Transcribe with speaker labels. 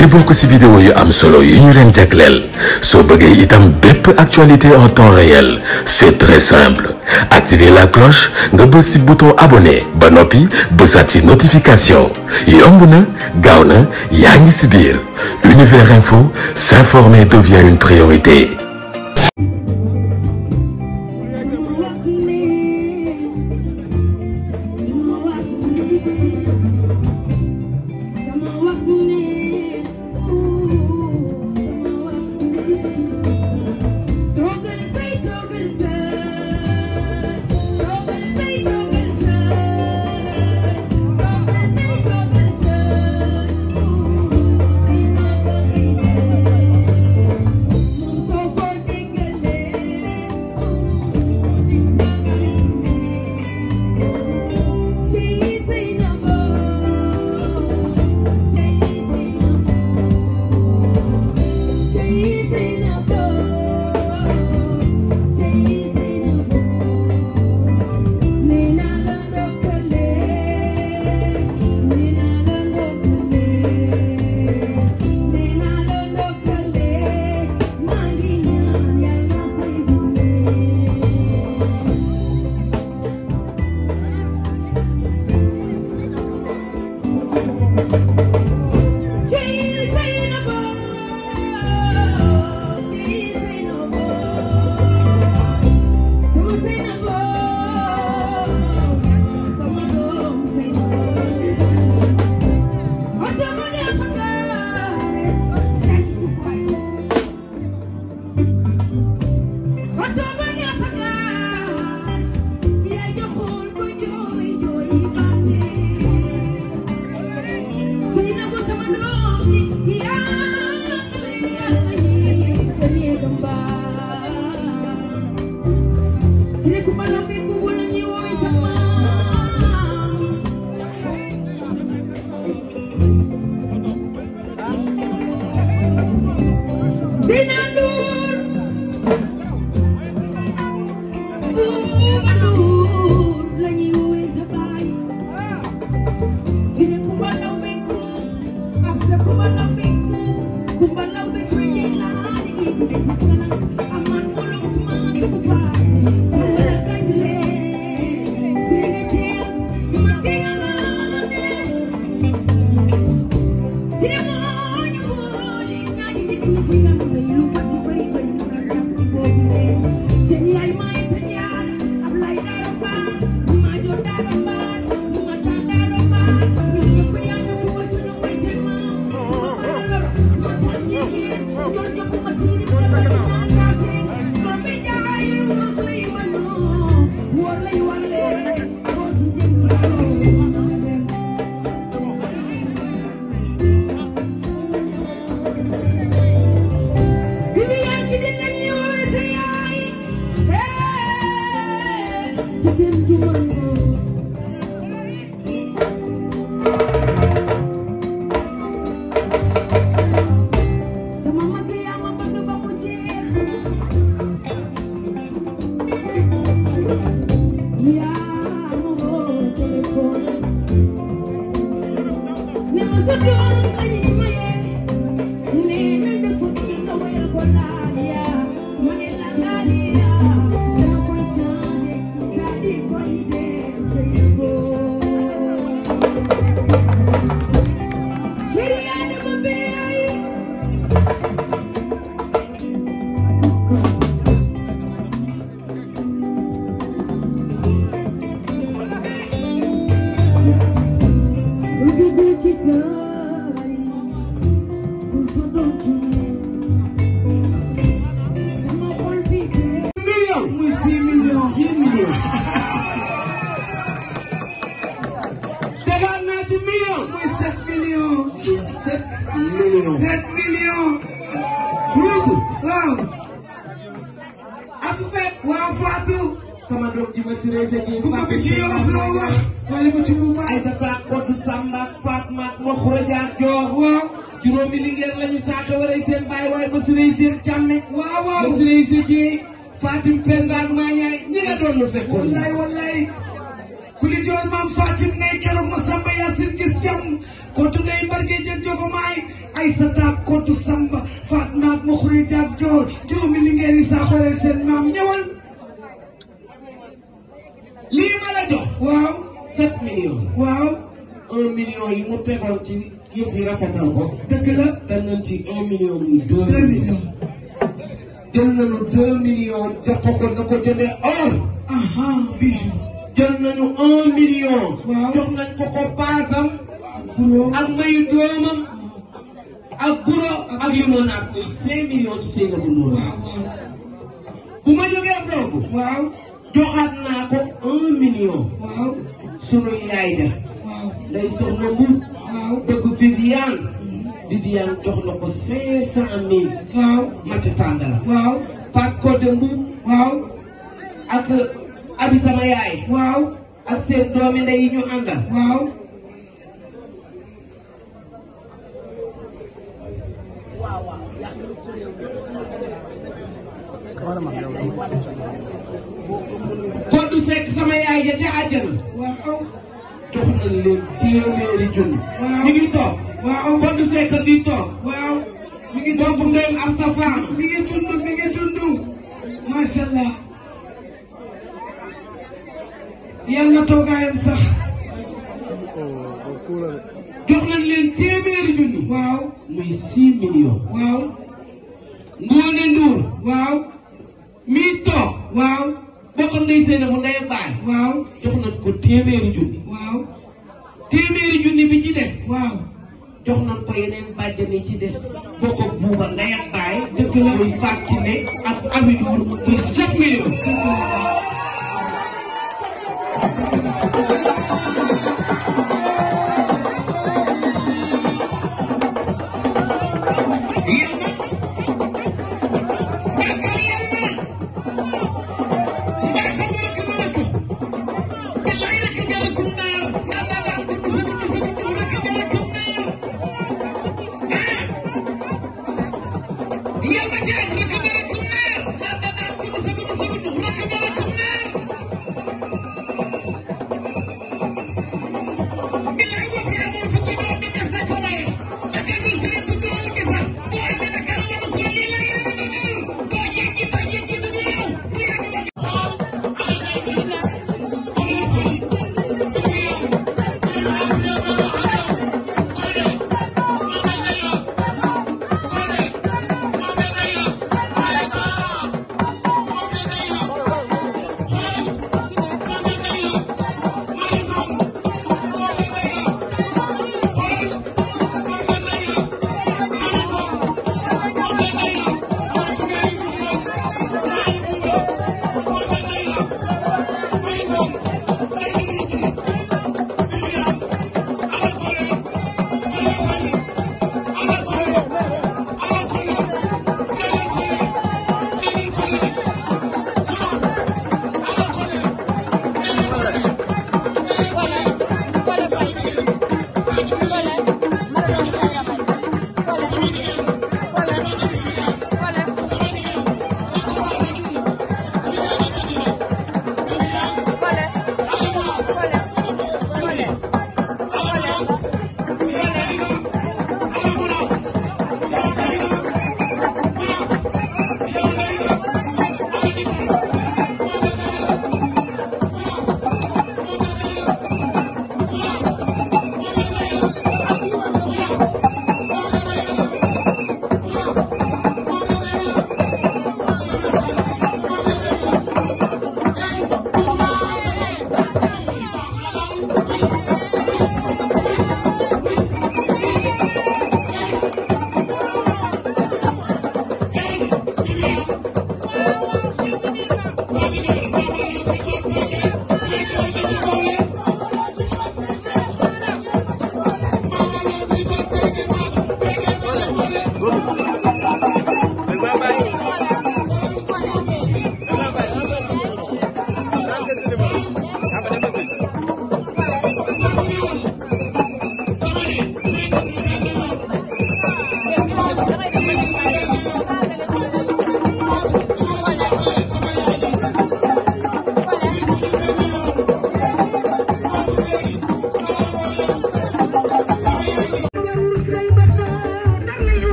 Speaker 1: ci ko si vidéo yu am solo yu ñu leen jagleel soo bëggee itam bépp actualité en temps réel c'est très simple activer la cloche nga bës si bouton abonné ba noppi bësaat si notification yomb na gaaw na yaa ngi si biir univers info s'informer devient une priorité Kumbalambik, kumbalambik, kumbalambik, kumbalambik, kumbalambik, kumbalambik, si réseau ku ko bi ci yorof loo wax. wala ko ci bu ay sa paak kottu Samba ak Fatma ak Mokhra Diar waaw juróomi lingeer lañu saaka waray seen bàyyi waaye waaw waaw si réussir kii. Fatim Penda ak maa ñaay ñi nga doon lu ku li joor maam Fatim ngay keroog ma Samba Yacine gis jàmm. kottu ngay mbargee jël jogomaay. ay sa taak kottu Samba Fatma ak Mokhra Diar Dior juróomi lingeer yi saaka waray seen maam lii ma la jox waaw sept millions waaw un million yi mu tegoon ci yëf yi rafetal ko dëgg la teg nañ ci un million muy deux millions ko ko na ko jëndee million jox nañ ko ko paasam ak mayu doomam ak ak yu noonu ci séega bu noonu bu ma jógee foofu. waaw joxaat naa ko un million. waaw sunu yaay da. waaw day soxna bu. waaw dëgg Viviane. Viviane jox na ko cinq cent mille. waaw Mati Tandala. waaw Pat Codé Mbour. waaw ak abi sama yaay. waaw ak seen doomi ndey yi ñu àndal. waaw. kon du sekk sama yaay ja ca àjjana. jox nañ leen téeméeri junni. ñu ngi mi ngi dund mi waaw muy six millions. waaw. mii toog waaw bokkoon day sëy na mu ndey baay waaw jox nañ ko téeméeri junni waaw téeméeri junni bi ci des waaw jox nañ ko yeneen bàjjan yi ci des bokk ak buuba ndey ak baay dëgg la muy fàttali ne ak amidu muy sept millions